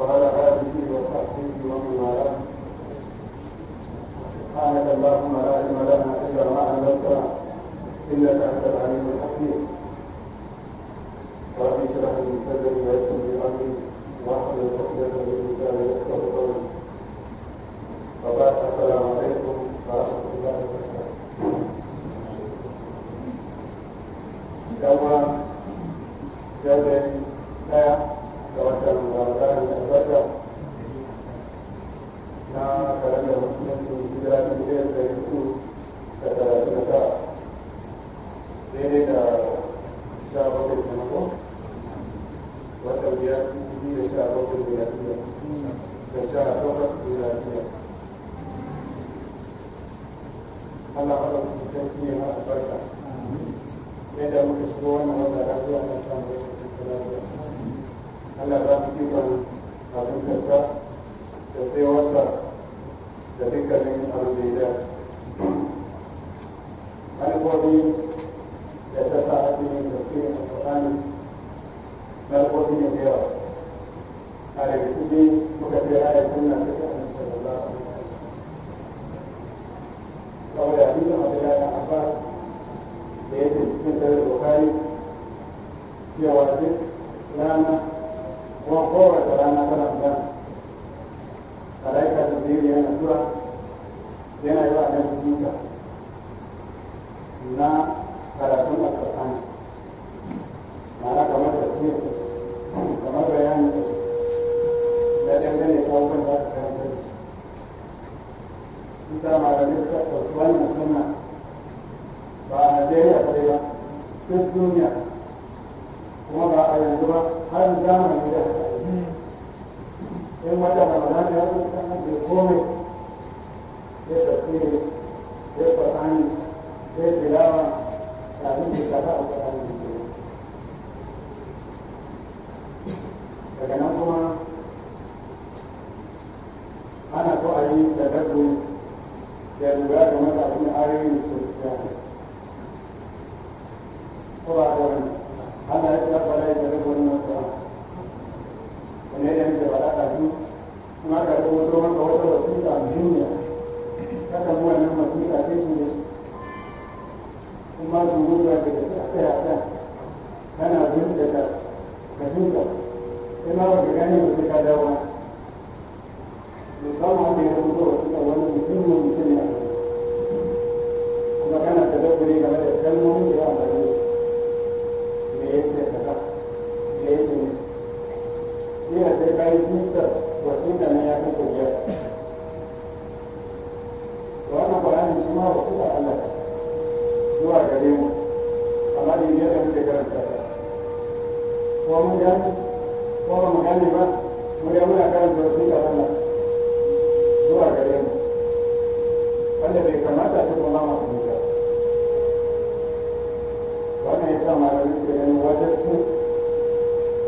وعلى آله وصحبه ومن والاه سبحانك اللهم لا علم لنا إلا ما علمتنا إنك أنت العليم الحكيم رب اشرح لي صدري ويسر لي أمري واحلل عقدة من لساني harkoki da ta sa ake yin tafsirin alƙur'ani harkoki ne da yawa a daga ciki muka ce ayatun nan da rago da lura da mazaɓin ayoyin sosai sa malamai ke ganin wadattu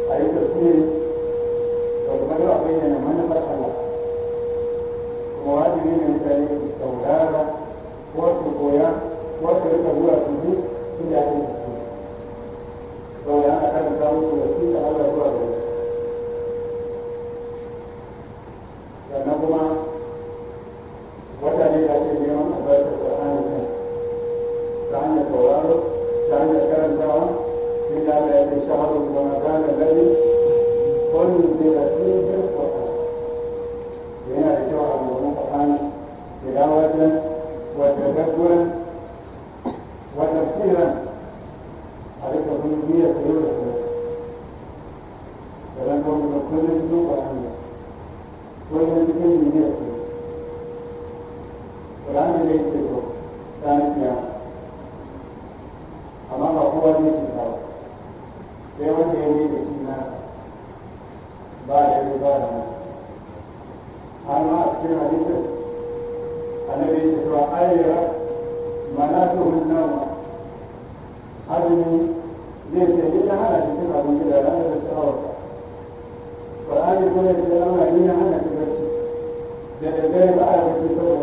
a yi tafsiri da kuma yau akwai yana manufar Allah kuma wajibi ne mutane su saurara ko cikin hadisin annabi ya ce na ayyara manatuhun nama azumi zai ce ni na hana cikin abinci da ranar da sha'awarsa ƙwararri kuma ya ce ana ni na hana shi barci da daddare ba a yi saboda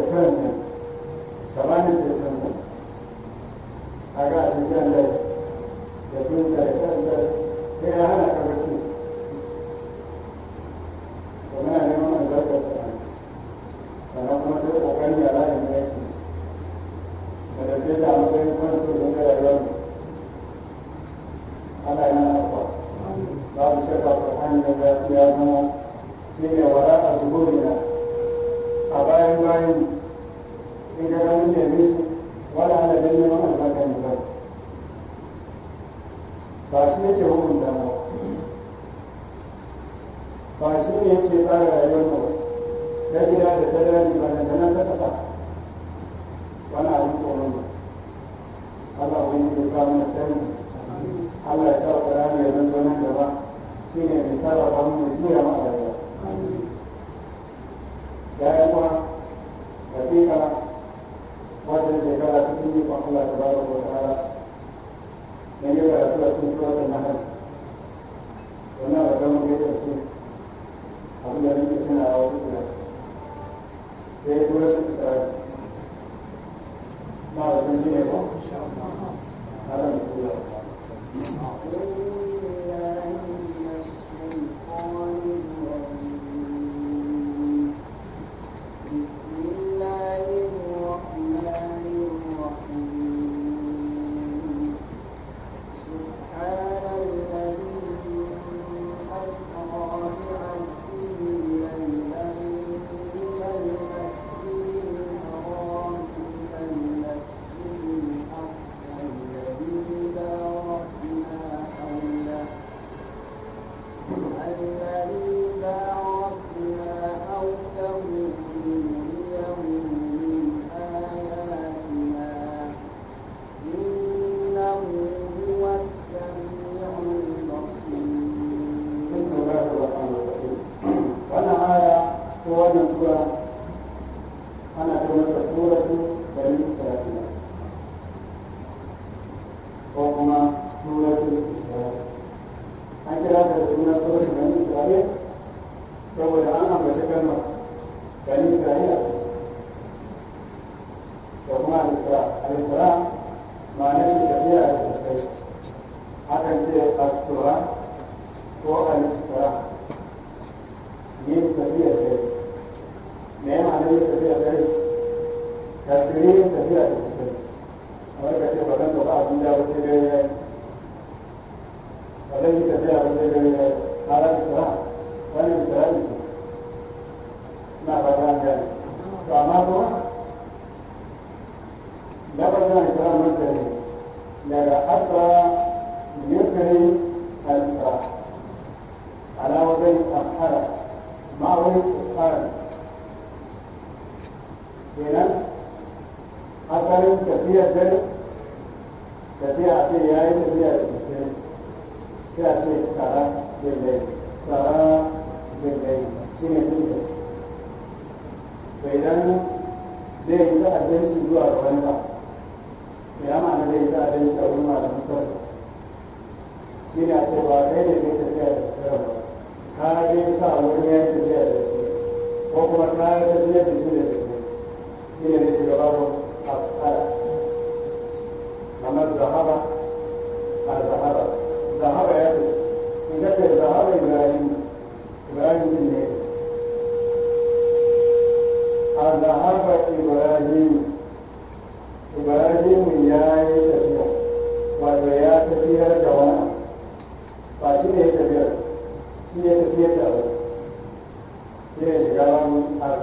ya kawo na sani Allah ya kawo ƙarami ya zanto nan gaba shi ne mai sarrafa mu mai juya mu a rayuwa ya yi kuma hakika wata shekara cikin yi kwan Allah ba da ta yi kai a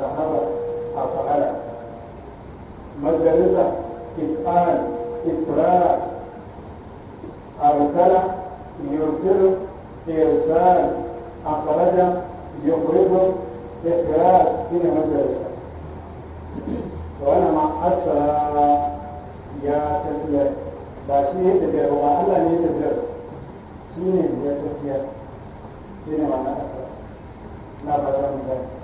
تتحرك عقلها مجلسة إسآل يرسل إرسال أخرج يخرج إخراج هنا مدرسه وأنا مع أسرى يا تفير باشي تفير وأنا لي تفير شيني يا تفير شيني معنى أسرى لا بد من ذلك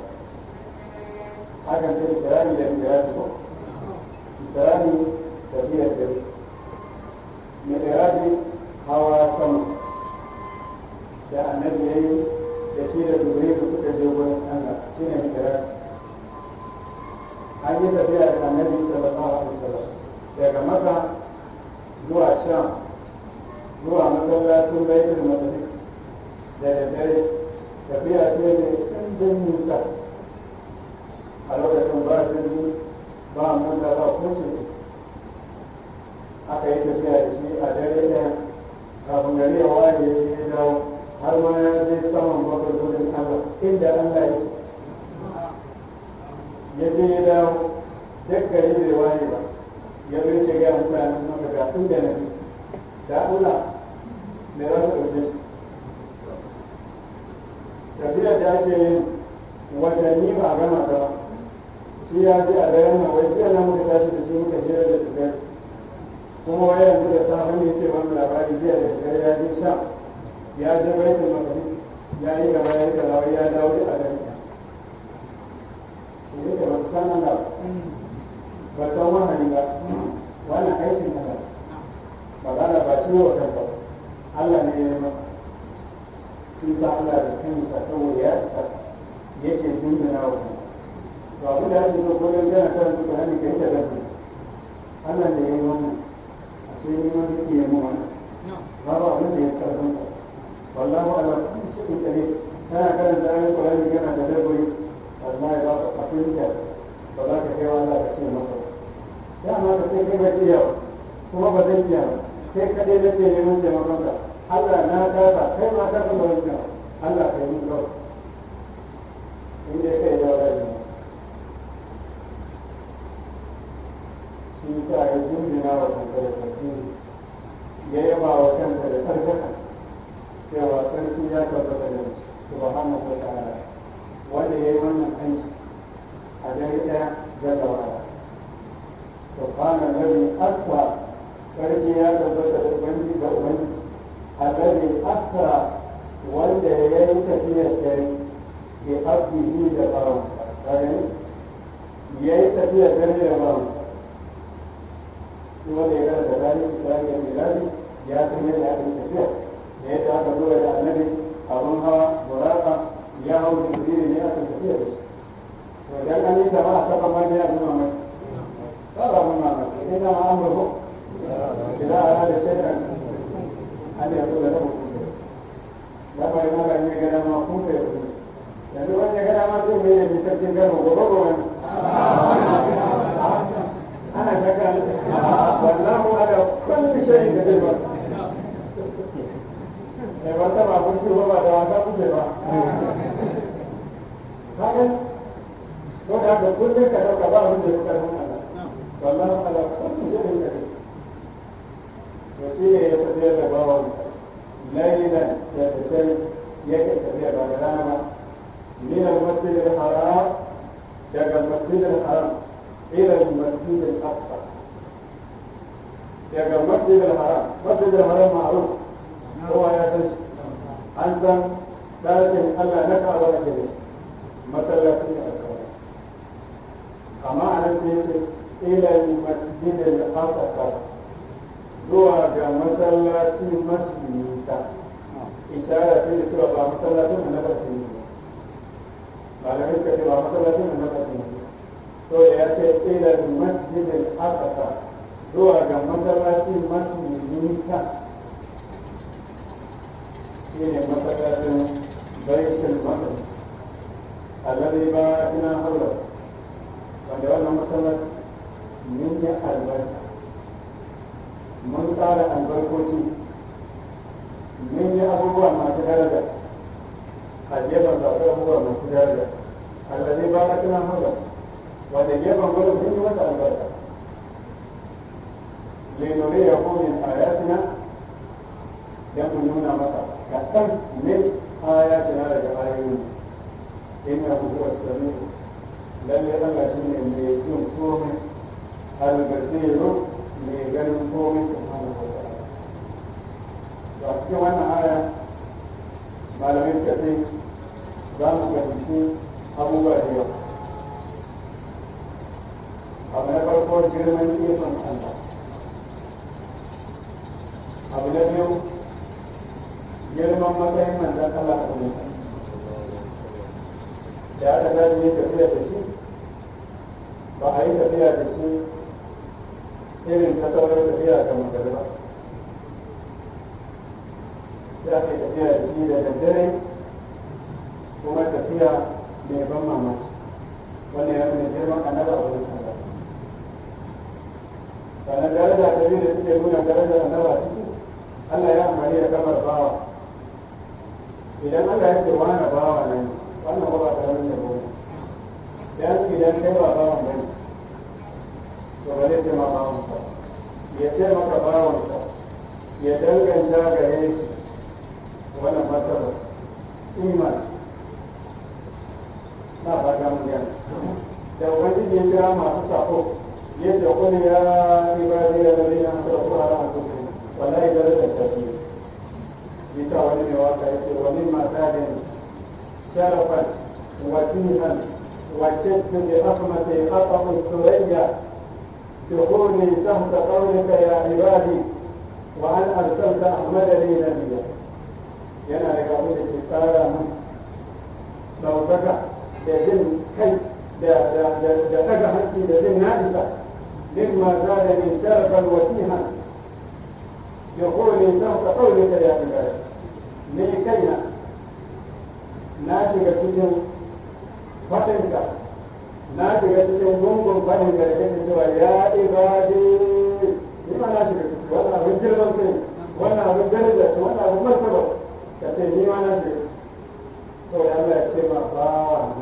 akan ce kirani da miraji ko biyar da dare miraji hawa sama da annabi ya yi da shi da zuri da suka je wurin allah shi ne miraji an yi tafiya da annabi sallallahu alaihi wasallam daga maka ba wannan aikin ne ba ba za ba ciwo wa ba الذي أسرى وانت يليك في الشيء بقصده لبرم يليك في الشيء لبرم wanda ya gara da zani zani ya milani ya san yadda ake tafiya da yadda aka zo da annabi abun hawa buraka ya hau da jibril ne aka tafiya da shi to dan an yi jama'a ta kama ne abun mamaki ba abun mamaki idan an amuru ila ala da shaytan an ya kula lahu kullum da ba ne gada ma kun da yau yanzu wani gada ma zai mai yanzu sarkin gano gobe gobe ana shakka wallahu ala kulli shay'in da zai ba mai wata ba kun ciwo ba da wata kuke ba hakan ko da haka kullum ka dauka ba wanda ya fi wallahu ala iya ya tafiya da bawan lailan da daddare ya yi tafiya ba da rana min al-masjid al-haram daga masjid al-haram ila al-masjid al-aqsa daga masjid al-haram masjid al-haram ma'ruf kowa ya san shi an san dakin Allah na kawo da ke masallacin da aka kawo amma a nan sai ila al-masjid al-aqsa zuwa ga masallaci mafi nisa isharar ce da cewa ba masallacin da na ƙarfi ne malamai suka ce ba masallacin da na ƙarfi ne to da ya ce ila masjidin aqsa zuwa ga masallaci mafi nisa shine masallacin baitul maqdis alladhi ba ina hawla wanda wannan masallaci min ya albarka mun tsara albarkoci mun yi abubuwa masu daraja a gefen zaɓar abubuwa masu daraja allazi ba ka tuna haza wanda gefen gudun mun yi masa albarka linuri ya komin ayatina don mu nuna masa kaɗan min ayatina daga ayoyi inna huwa sami'u lalle Allah shine mai jin komai al-basiru mai ganin komai da wa ta'ala ba su ke wannan aya malamai suka ce za mu fahimci abubuwa da yawa abu na farko girman ikon Allah abu na biyu girman matsayin manzan Allah a kuma da aka zai ne tafiya da shi ba a yi tafiya da shi irin ta sauran tafiya ta magariba za ka tafiya da shi da daddare hidima bawansa ya taimaka bawansa ya danganta gare shi wannan matsala iman na fata mu yana da wani ne kira masu sako ya ce kuni ya ibadi ya zari na sarrafa ala hankali wallahi da rasa tafi bisa wani ne waka ya ce wani masajin sharafan wa tinhan wa kittin da akamata ya kafa usturayya تقولني تحت قولك يا عبادي وان ارسلت احمد لي نبيا ينا لقبول الاستاذ من لو بكى بجن كي بكى حتى بجن نادسه مما زال من شرفا وسيها يقول انسان تقول قولك يا عبادي بلد من كينا ناشي كتجن فتنك na shiga cikin gungun fadin garke da cewa ya ibadi ni ma na shiga ciki wannan abin girman kai wannan abin daraja wannan abin martaba ka ce ni ma na shiga to da Allah ya ce ma ba na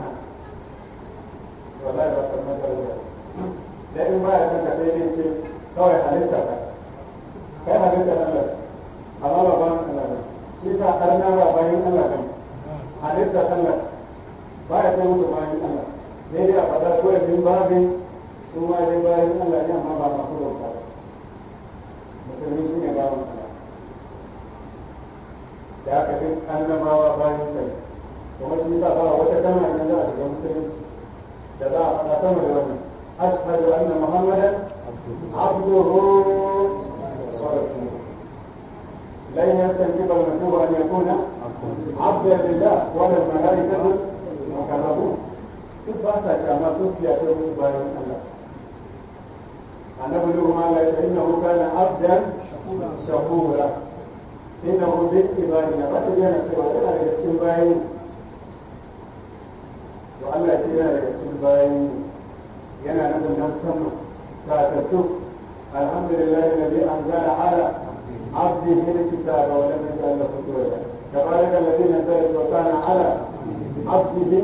wallahi ba ta madalla da in ba ya san ka sai dai ce kawai halitta ka kai halitta Allah amma ba ban Allah ne shi sa karna ba bayan Allah ne halitta Allah ba ya san musu bayan Allah zai da fada ko yin babin su ma dai bayan Allah ne amma ba masu bauta ba musulmi shi ne bawan Allah da aka fi annabawa bayan sai kuma shi sa ba wata kalma ne za a shiga musulunci da za a fada sama da wannan ashhadu anna muhammadan abduhu wa rasuluhu لن يستنكف المسلوب ان يكون عبدا لله ولا الملائكه وكذبوه تبعت كما تبعت يوم بايو الله أنا بلو ما لا إنه كان عبدا شكورا إنه ذي إبانيا فتجي أنا سوى لنا يسكن بايو وعلى سينا يسكن بايو ينا نقول نفسهم تاتتوك الحمد لله الذي أنزل على عبده الكتاب ولم يجعل له تبارك الذي نزل وكان على عبده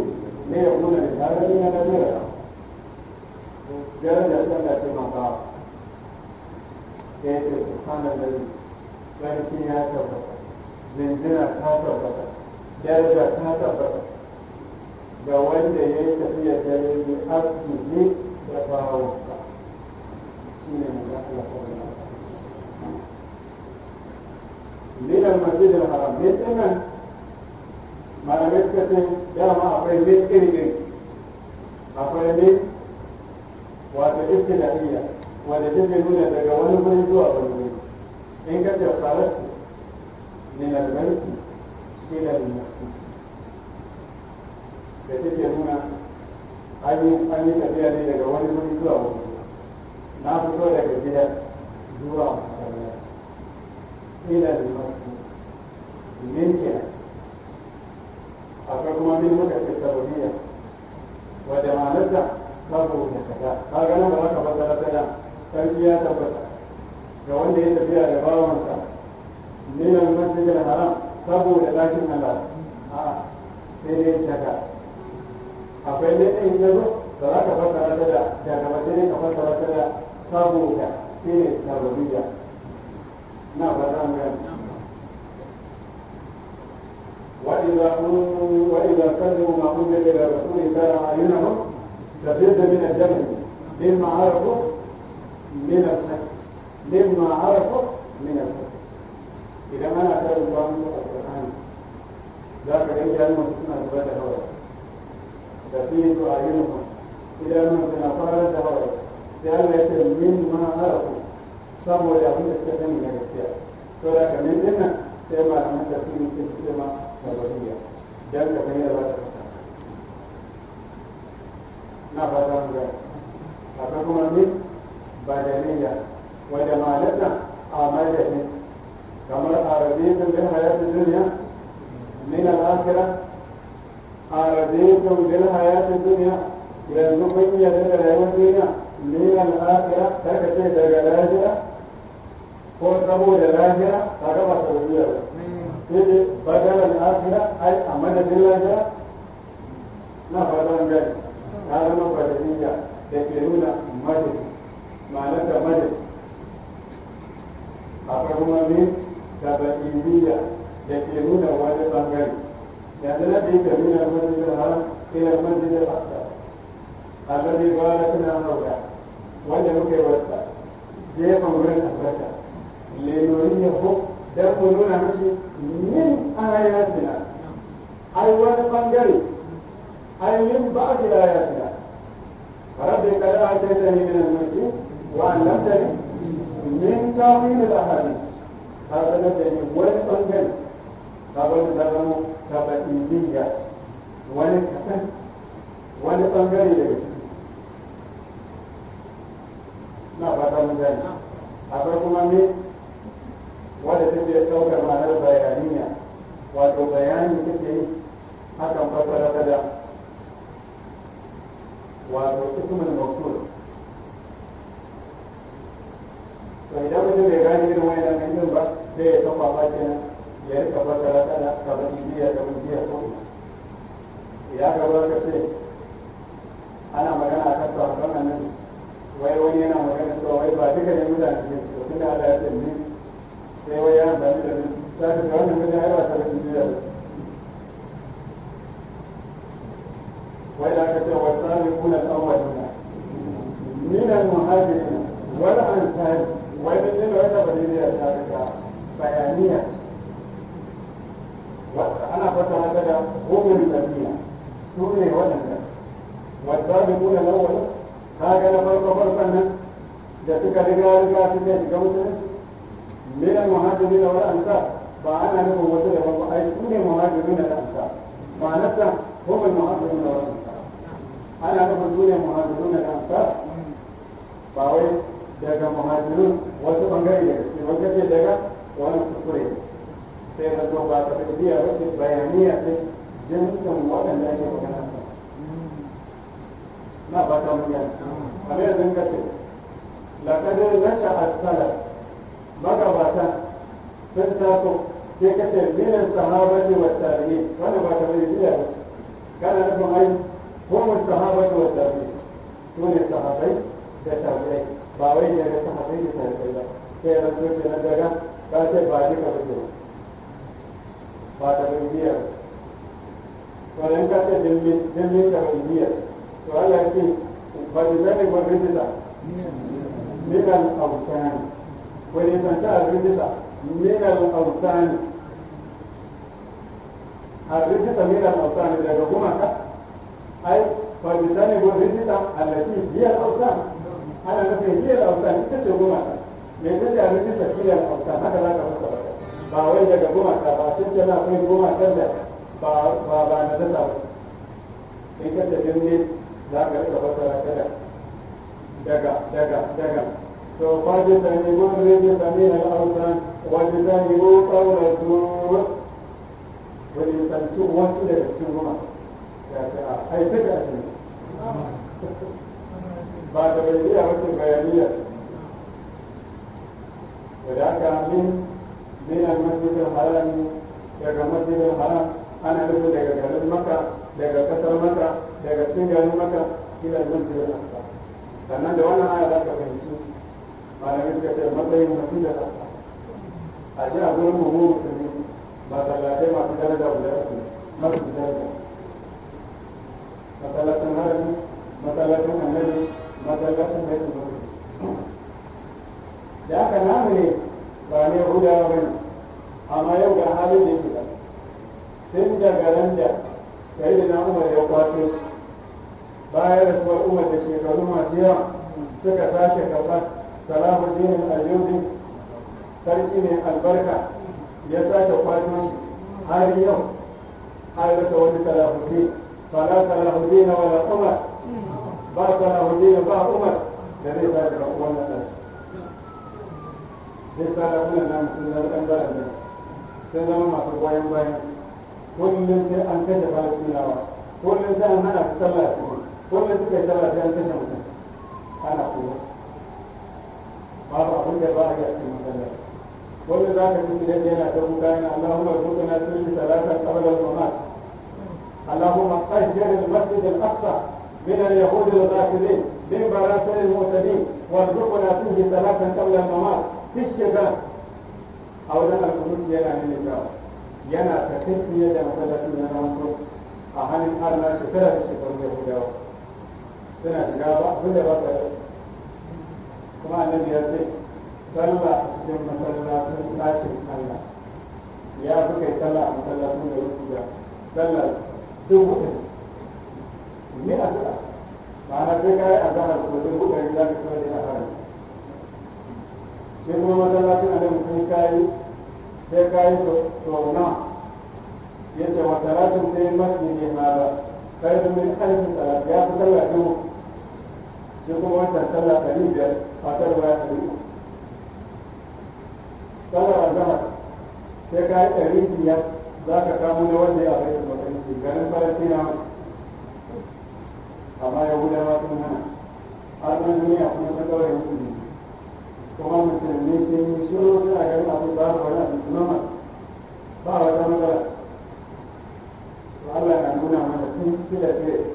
ليكون للعالمين نذيرا درجة لك مقام سيأتي سبحان الذي كان يا توبة زنزنا ta tabbata daraja ta tabbata ga wanda ya yi tafiya dare ne aski ne da bawansa shi ne mu ga Allah ko da Lidan masjidin haram ne tsanan malamai suka ce dama akwai min ilimin akwai min wato istinariya wanda take nuna daga wani wuri zuwa wani wuri in ka ce farasu min almanki ila almanki da take nuna an yi tafiya ne daga wani wuri zuwa wani wuri na fito daga gida zuwa masallaci ila almanki min kenan akwai kuma min muka ce sababiyya wadda ma'anarta saboda kaza ka ga nan ba za ka fassara ta sarki ya tabbata ga wanda ya tafiya da bawansa minan masjidil haram saboda dakin Allah a sai dai daga akwai ne ɗin ya zo ba za ka fassara ta da daga ba sai ka fassara ta da saboda shi ne sababiyya na ba za mu gani وإذا وإذا كذبوا ما أنزل إلى رسول ترى أعينهم تفيض من الدم مما عرفوا من الفتح مما عرفوا من الفتح إذا ما أتى الله القرآن ذاك يجعل المسلمين أثبات هوى تفيض أعينهم إلى المسلمين فرد هوى لأن مما عرفوا صبوا لهم السلام من الاختيار فذاك من ذنب سيما لهم تسليم في السماء da waliya dan da kai za ta na fata mu gani akwai kuma min badaniya wadda ma'anarta amalatin kamar arabiyyatun bil hayatid dunya min al-akhirah arabiyyatun bil hayatid dunya yanzu kun yarda da rayuwar duniya min al-akhirah daga ce lahira ko saboda lahira ka ba ta duniya ba sai fadar al'afira ai a madadin lafiya na fadar gari ta zama fadadinta da ke nuna madadi ma'anar da madadi akwai kuma ne da bakiliya da ke nuna wani bangare yanzu na ɗaya da nuna madadin har ila madadin asa allazi barakna mawla wanda muke wasa gefen wurin albata lenoriya ko da ku nuna mishi min ayatina ai wani bangare ai min ba'd ayatina rabbi qad ataytani min al-mulki wa 'allamtani min tawil al-ahadith wani bangare kaga da zama tabaidiyya wani kasan wani bangare na fata mun gani akwai kuma min. da ɗaukar ma'anar bayaniya wato bayani take yi hakan fasara ta da wato ismul maqsul to idan mutum bai gane irin wani nan ba sai ya tafa ba kenan ya rika fasara ta da kamar ibiya da ibiya ko ya gaba ka ce ana magana kan sahabban nan wai wani yana magana cewa wai ba duka ne mutane ne to tunda Allah ya ce தேவையான மனிதன் ولكن والسابقون الاولون من المهاجرين والانصار والذين يتبعون ذلك بيانيه وانا فتحت هم الذين سوري ولد والسابقون الاولون هكذا فرق فرقا لتلك الرجال الكافرين كمثل min al-muhajirin wal ansar ba ana nufin wasu da ba ai su ne muhajirin da ansar ma'anarsa hum al-muhajirin wal ansar ana nufin su ne muhajirin da ansar ba wai daga muhajirin wasu bangare da suke wanda ce daga wani kuskure sai ka zo ba ta tafiya ba ce bayaniya ce jinsin waɗanda ake magana na ba ta mutane kamar yanzu ka ce لقد نشأ السلف magabata sun taso sai ka ce minan sahabati wa tabi'in wani ba ta bai biya ba kana nufin ai kuma sahabati wa tabi'in su ne sahabai da tabi'ai ba wai ne da sahabai da tabi'ai ba sai yi zo da na daga ka ce ba ni ka bai ba ta bai biya ba wani ka ce jirgin dimbin ka bai biya to Allah ya ce ba ta zai ba bai biya minan ausan wani santa abin bisa minal ausani abin bisa minal ne daga gumaka ai falisani ko rijita allati hiya al-awsan ana nufin hiya al-awsan ita ce gumaka me yake ce a bisa hiya al-awsan haka za ka fasa ba Ba wai daga gumaka ba sun ce na akwai gumakan da ba ba ba na dasa ba in ka tafi ne za ka rika fasa daga daga daga فاجتنبوا الرجس من الاوثان واجتنبوا قول الزور وليسالتوا wasu daga cikin goma ya ce a haifar da ne ba da bayyana wata bayaniya ce da haka min min al daga masjid haram ana nufin daga garin maka daga kasar maka daga cikin garin maka ila masjid al sannan da wannan aya za ka fahimta malamin da ta matsayin mutum da kasa a ji a zuwan mu musulmi masallatai masu daraja guda uku masu daraja masallacin harami masallacin annabi masallacin mai tsoro da aka namu ne ba ne hudawa ba ne amma yau ga halin da ya shiga tun daga ran da sai da na umar ya kwato shi bayan rasuwar umar da shekaru masu yawa suka sashe kasar salahu dinin ayyubi sarki ne albarka ya sake kwato shi har yau har rasa wani salahu din fala salahu din wala umar ba salahu din ba umar da zai sake ga wannan ɗan zai sake wannan nan sun zama ɗan bara ne sun zama masu goyon bayan kullum sai an kashe falastinawa kullum sai an hana su sallah su kullum suka yi sallah sai an kashe mutum ana kuma babu abin da ba a yi a cikin masallaci wanda za ka ji idan yana ta kuka yana Allahumma rzuqna sunni salata qabla al-mamat Allahumma tahjir al-masjid al-aqsa min al-yahud al-ghasirin min barakat al-mu'tadin warzuqna fihi salatan qabla al-mamat fi shiga a wajen alƙunuci yana nuna jawo yana ta tafiye da masallacin na ramuwa a hannun arna shekara da shekaru yahudawa suna shiga ba abin da ba ka kuma annabi ya ce sallah a cikin masallacin ɗakin Allah ya fi kai sallah a masallacin da rufu da sallah dubu ɗari ni a ba na sai ka yi azahar su dubu ɗari za ka kawai da azahar shi kuma masallacin annabi sai ka yi sai ka yi sau nawa ya ce wata ratin sai masjidi hada kai da min alfi salat ya fi sallah dubu shi kuma wancan sallah ɗari biyar a matar baya ɗari uku sallar azahar sai ka yi ɗari biyar za ka kamo na wanda ya bai da makarci ganin falastina amma yahudawa sun hana armeniya kuma sun kawai musulmi kuma musulmi sai yi shiru suna ganin abin ba wani abin su noma ba wata magana to Allah na nuna mana tun kila fiye.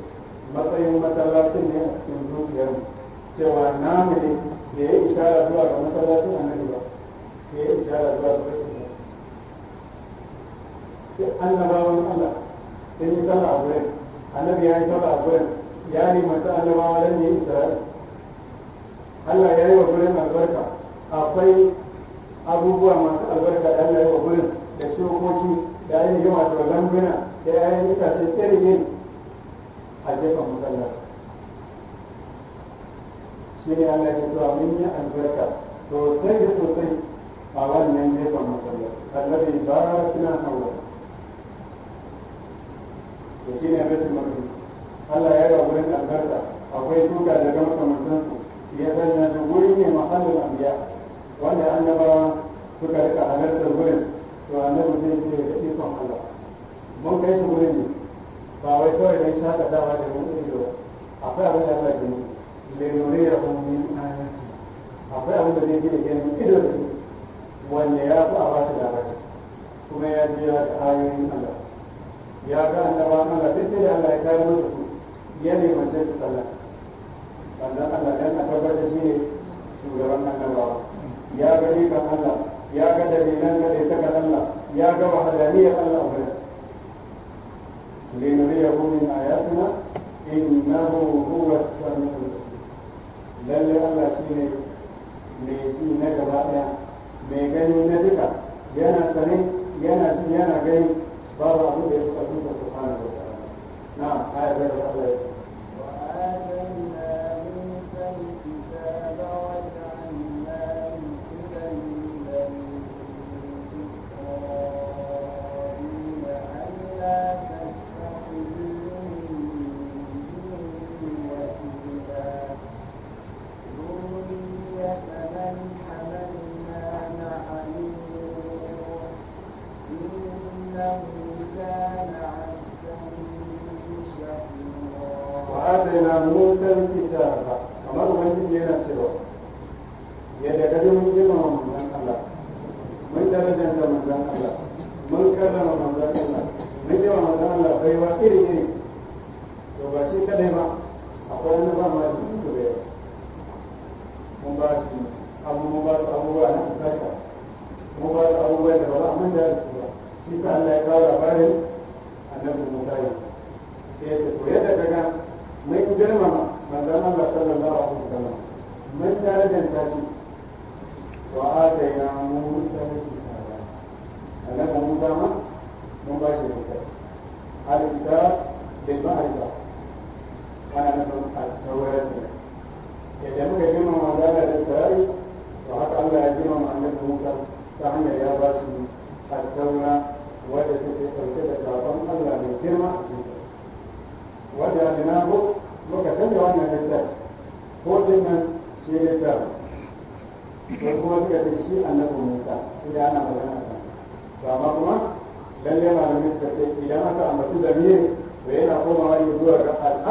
matsayin matsalacin ne a cikin zuciyar cewa na ne da ya ishara zuwa ga a nan ba da ya ishara zuwa ga rashin ba sai annabawan Allah sai yi sallah a gurin annabi ya yi sallah a gurin ya limanci annabawa dan ya yi isra'ila Allah ya yi wa gurin albarka akwai abubuwa masu albarka da Allah ya yi wa gurin da shukoki da ainihin wato lambuna da ainihin itace tsirin a gefen masallaci shi ne an ke cewa mun yi albarka sosai da sosai a wannan gefen masallaci kallabi ba suna hawa da shi ne baitul maqdis Allah ya yi wurin albarka akwai shuka daga makamantan su ya zai na su wuri ne mahallin anbiya wanda annabawa suka rika halartar wurin to annabi zai ce da ikon Allah mun kai shi wurin ne ba wai kawai don shakatawa da mun ba, akwai abin da Allah ke lenore ya kuma ayati akwai abin da zai ji da ganin ido da wanne ya fi a ba shi labari kuma ya ji ya ga ayoyin Allah ya ga annabawan Allah duk da Allah ya kawo masa su ya neman sai su sallah sannan Allah dan a tabbatar shi ne shugaban annabawa ya ga ikon Allah ya ga dalilan ta ya Allah ya ga wahalaniyar Allah a لنريه من آياتنا إنه هو السميع lallai Allah shi ne mai ji na gaba ɗaya mai gani na duka yana tsare yana yana gani babu abin da ya fi su sa da wa na ayar da Allah ya mun daraja da manzan Allah mun karrama manzan Allah mun yi wa manzan Allah baiwa irin irin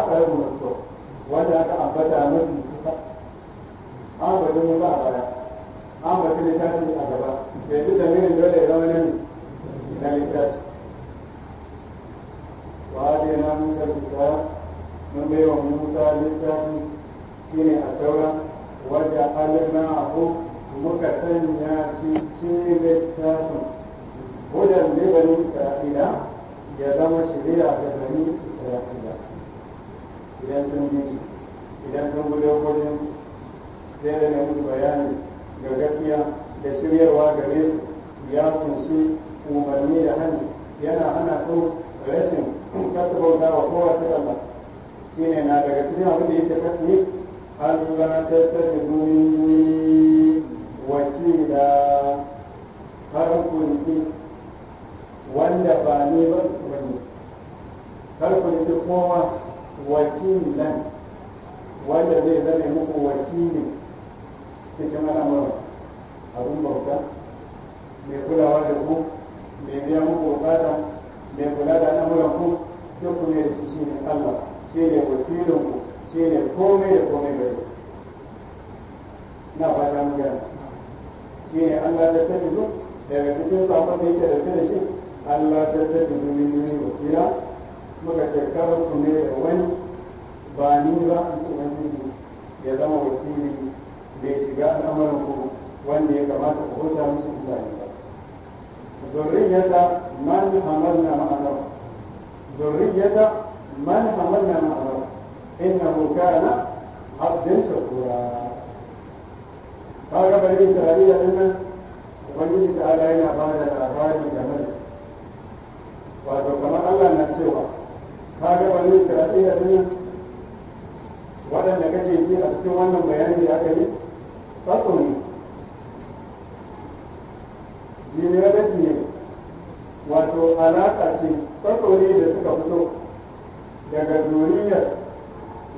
khairu maktum wanda aka ambata mafi kusa an bari mu ba baya an bari littafi a gaba yanzu da dole zama ne na littafi wa adina musa littafi mun bai wa musa littafi shine a taura wadda alimna abu muka sanya shi shi littafin hudan libanin isra'ila ya zama shirya ga bani idan sun bi idan sun gudu wajen zai na musu bayani ga gaskiya da shiryarwa gare su ya kunshi umarni da hannu yana hana su rashin kasu bauta wa kowa ta Allah shi ne na daga cikin abin da yake kasu har lana ta tafi duni wakila har kunshi wanda ba ne ba su wani har kunshi kowa wakilan wanda zai zane muku wakilin cikin al'amuran abin bauta mai kula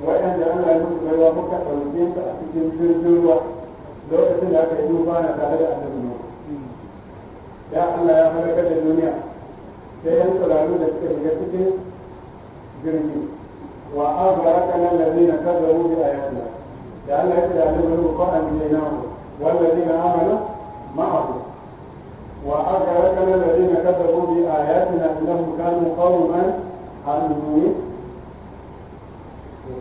waɗanda ana yi musu baiwa muka ɗauke su a cikin jirgin ruwa lokacin da aka yi duba na tare da annabi ne ya Allah ya halakar da duniya da yan tsararru da suka shiga cikin jirgi wa abaraka nan lalina kazzabu bi ayatina da Allah ya ce da annabi ko an bi namu والذين آمنوا معه وأغرقنا الذين كذبوا بآياتنا إنهم كانوا قوما عمين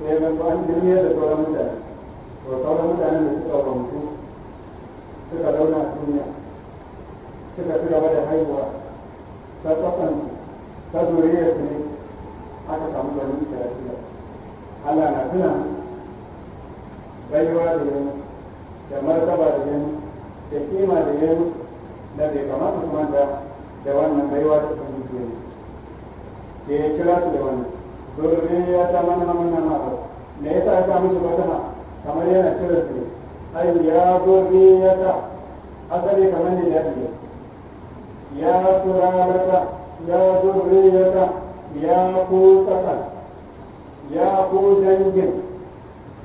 sai zan ko an jirgin da sauran mutane to sauran mutane da suka kwanci suka zauna a duniya suka ci gaba da haihuwa ta tsakansu ta su ne aka samu da bani isra'ila allah na tuna baiwa da yin, da martaba da yin, da kima da yanzu da bai kamata su manta da wannan baiwa ta kan yanzu da ya kira su da wannan zurriyata ma yasa ya samu shi fatana kamar yana su ne ai ya kamar ne ya dige ya surarata ya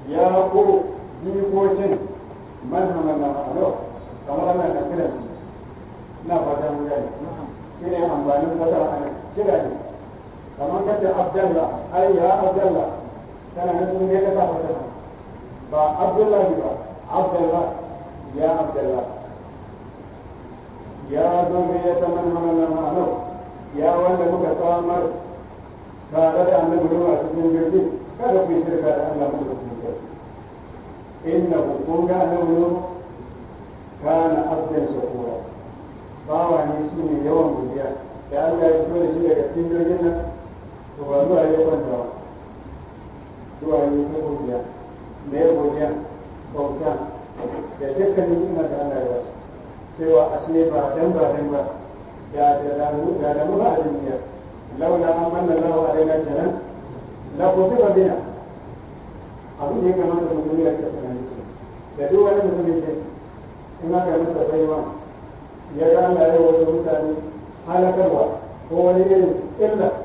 ya ya dangin ya jikokin man hamna ma su na fatan amfanin fasara ana kira kamar kace abdalla ai ya abdalla kana nufin ne ka sa Ba ba ne ba abdalla ya abdalla ya zurriyata mana mana ma'anahu ya wanda muka samar tare da annabi ruwa cikin jirgin kada ku shirka da Allah mu da innahu kun ga annabi kana abdan shakura bawa ne shi ne yawan gudiya da Allah ya fito ne shi daga cikin jirgin nan to ba zuwa ya kwanta ba zuwa ya ta godiya me ya godiya bauta da dukkanin ni'ima da Allah ya wasu cewa ashe ba dan ba dan ba da da lamu da lamu ba a duniya laula an manna lawa alaina kenan la kusiba bina abin da ya kamata mutum ya ta tunani da duk wani mutum ya ce in aka masa baiwa ya ga Allah ya wasu mutane halakarwa ko wani irin illa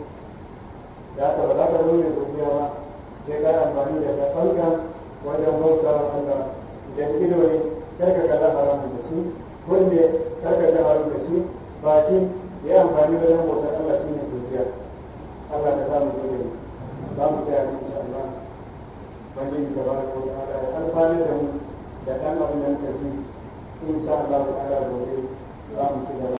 da aka ba za ka zo mai godiya ba sai ka amfani da kafanka wajen bauta wa Allah idan ido ne kar ka kalla haramun da shi kunne kar ka ji haramun da shi baki ya amfani da nan bautar Allah shi ne godiya Allah ka samu godiya za mu tsaya ne insha Allah bangin da ba ko ta'ala ya alfani da mu da dan abin da muka ji insha Allah ta'ala gobe za mu ci gaba